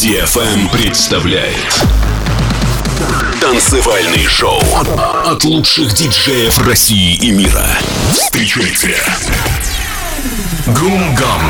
DFM представляет Танцевальный шоу от лучших диджеев России и мира. Встречайте! Гам.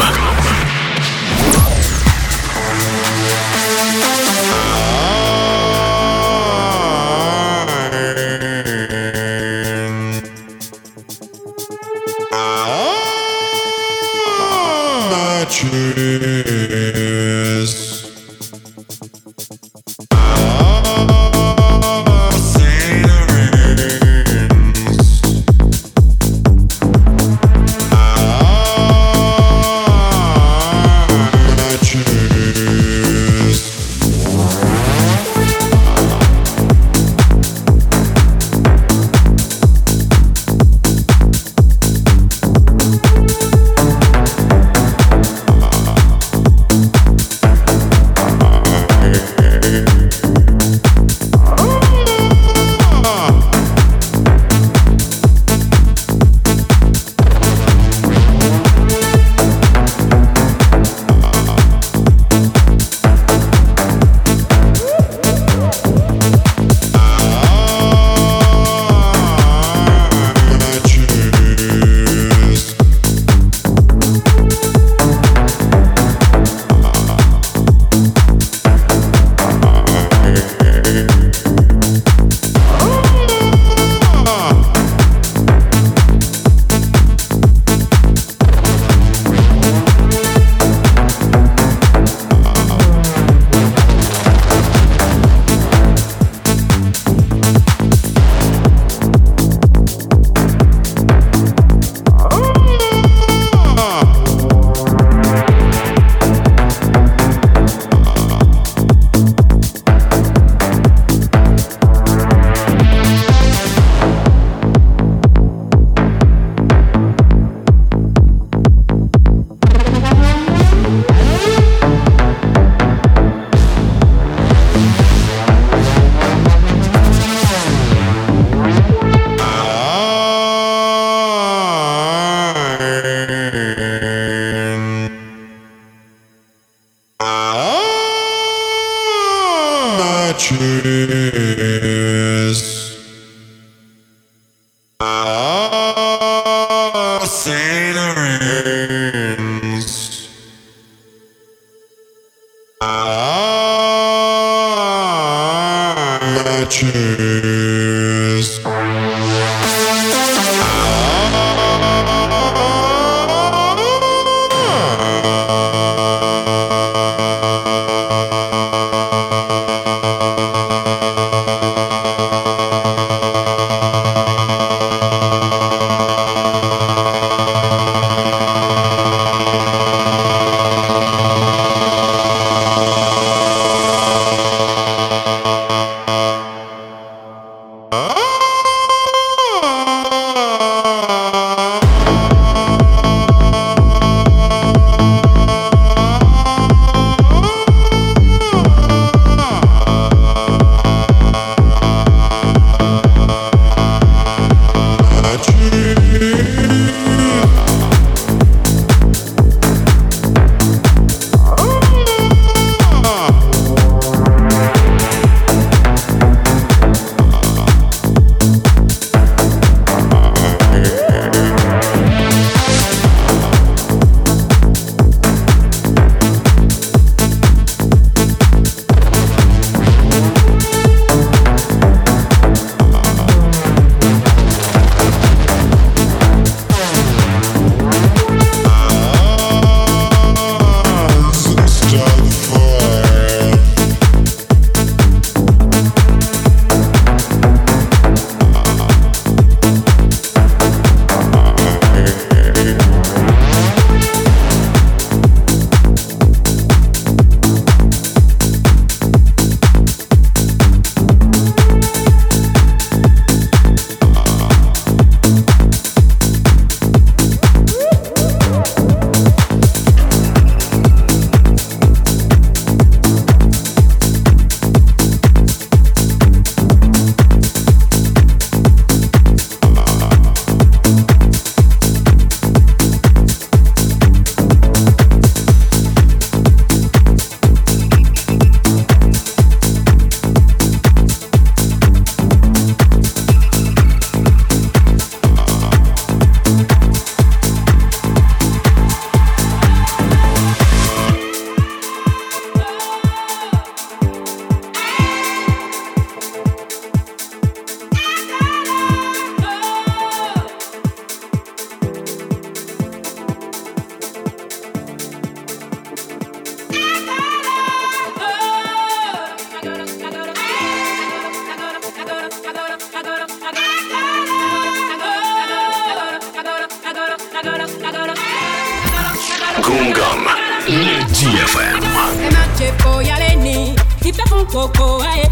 Kungam le GFM. Emache koyaleni, ife fun koko aye.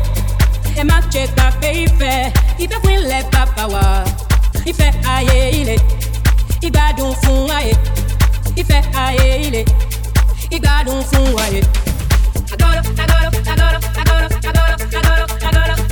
Emache kafe ife, ife fun ilẹ̀ bàbá wa. Ife ayé ilé, ìgbádùn fún ayé. Ife ayé ilé, ìgbádùn fún ayé. Agoro, agoro, agoro, agoro, agoro, agoro, agoro.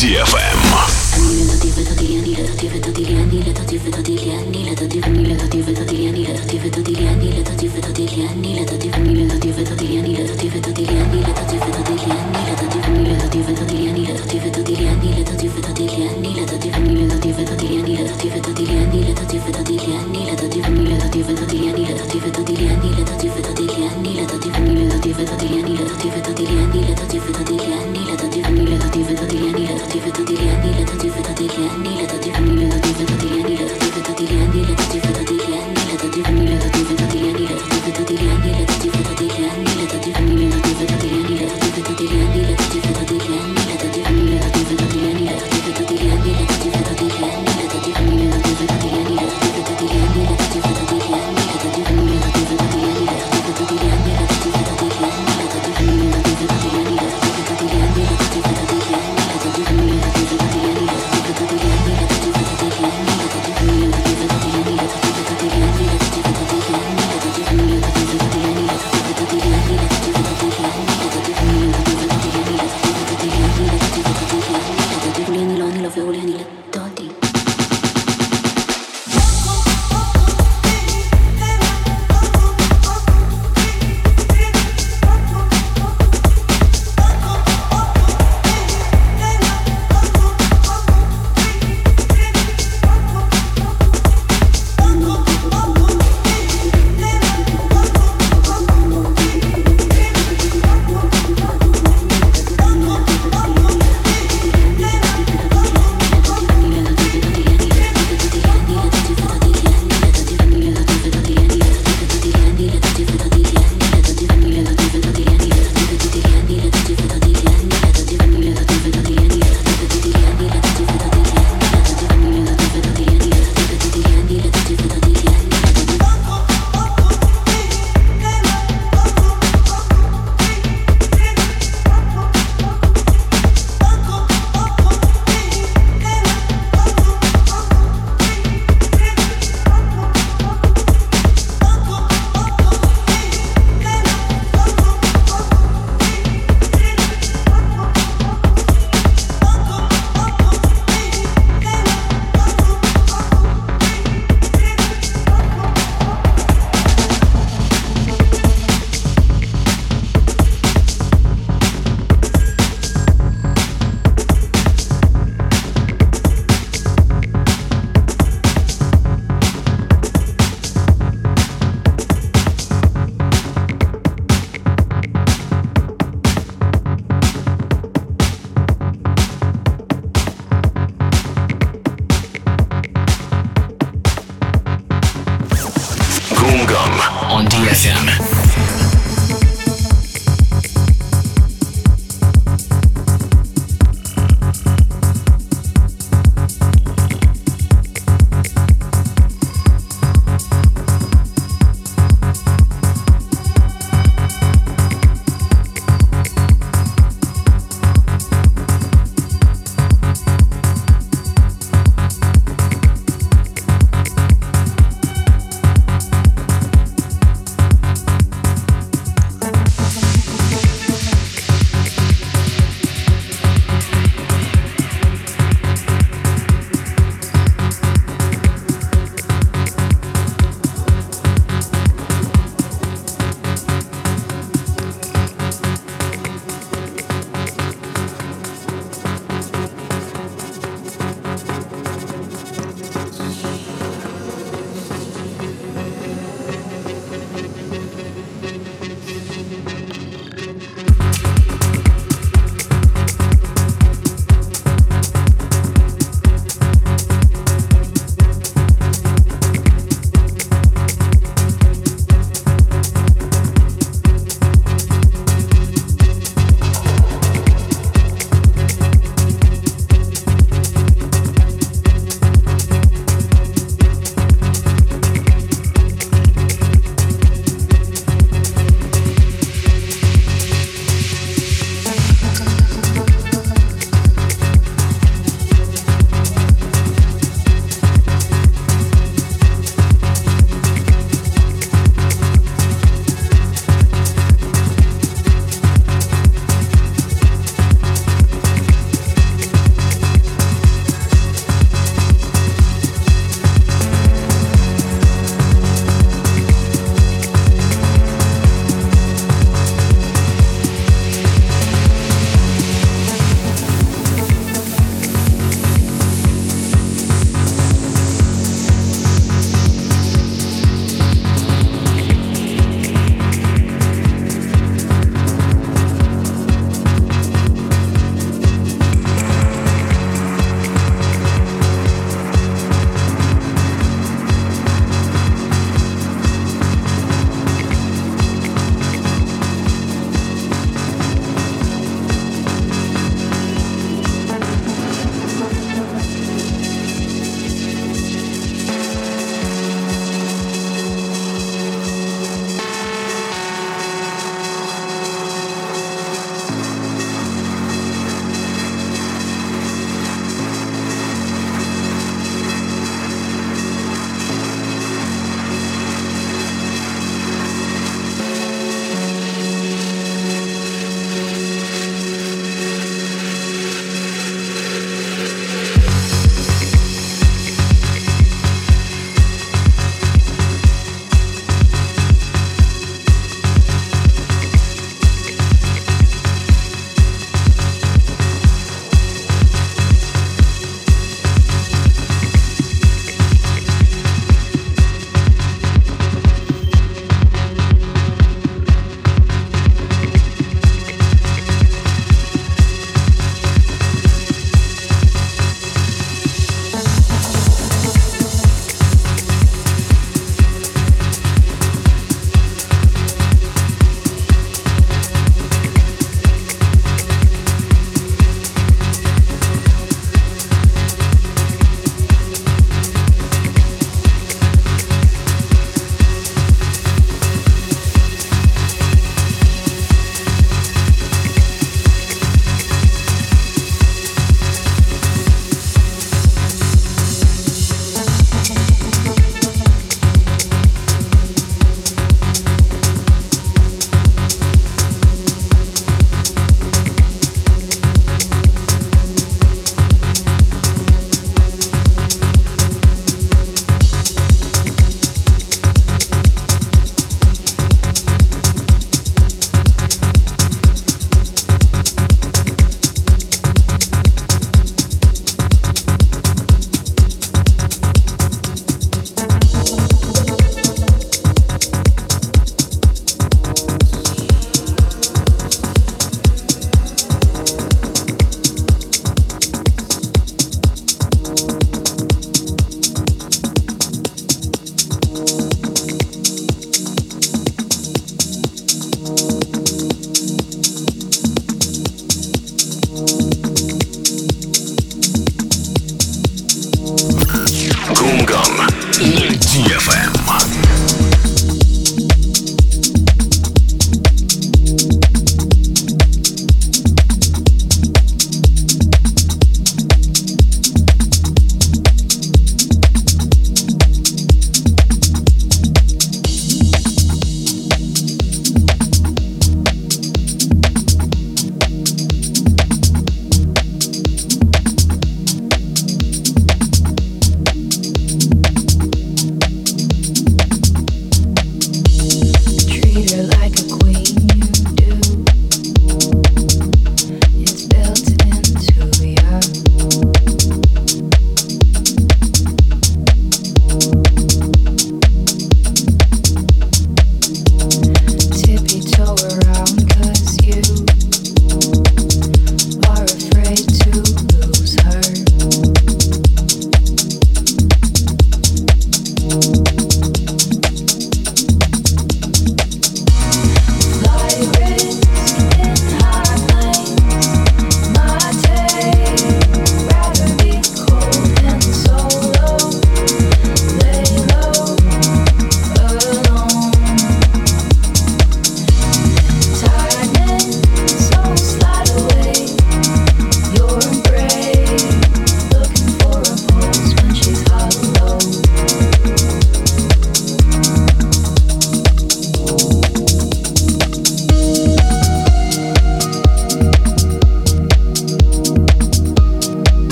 DFM.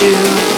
you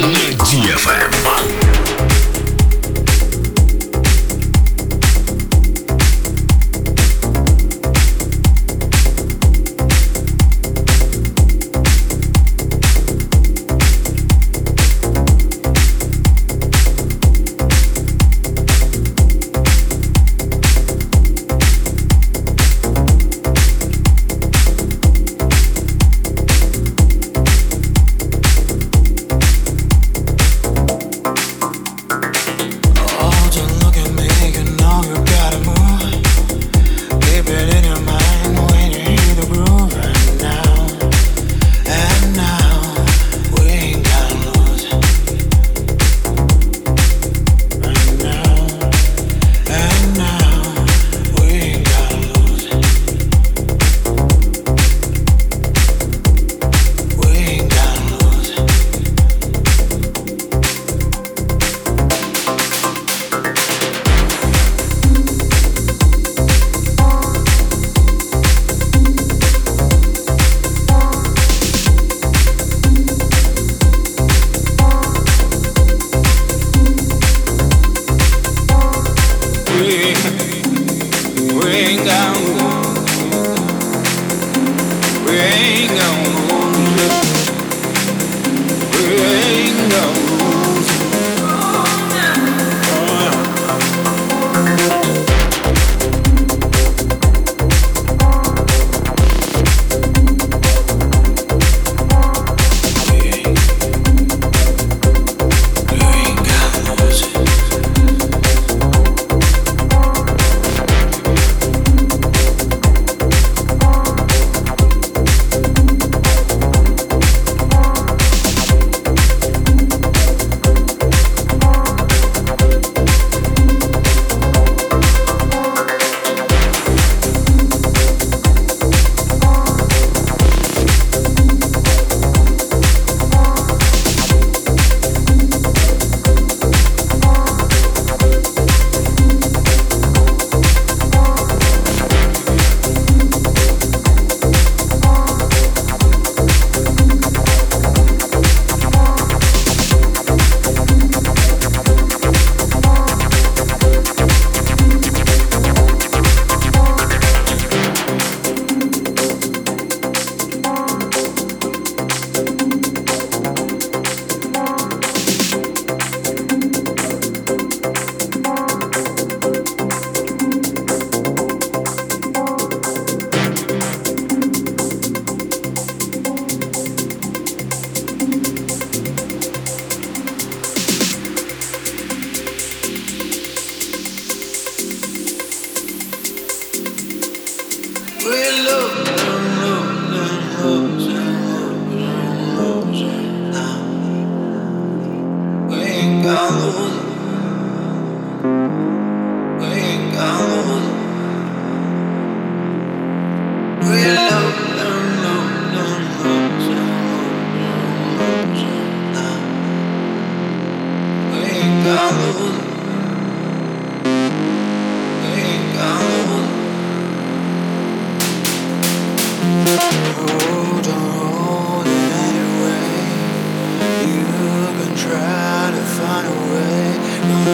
на DFM.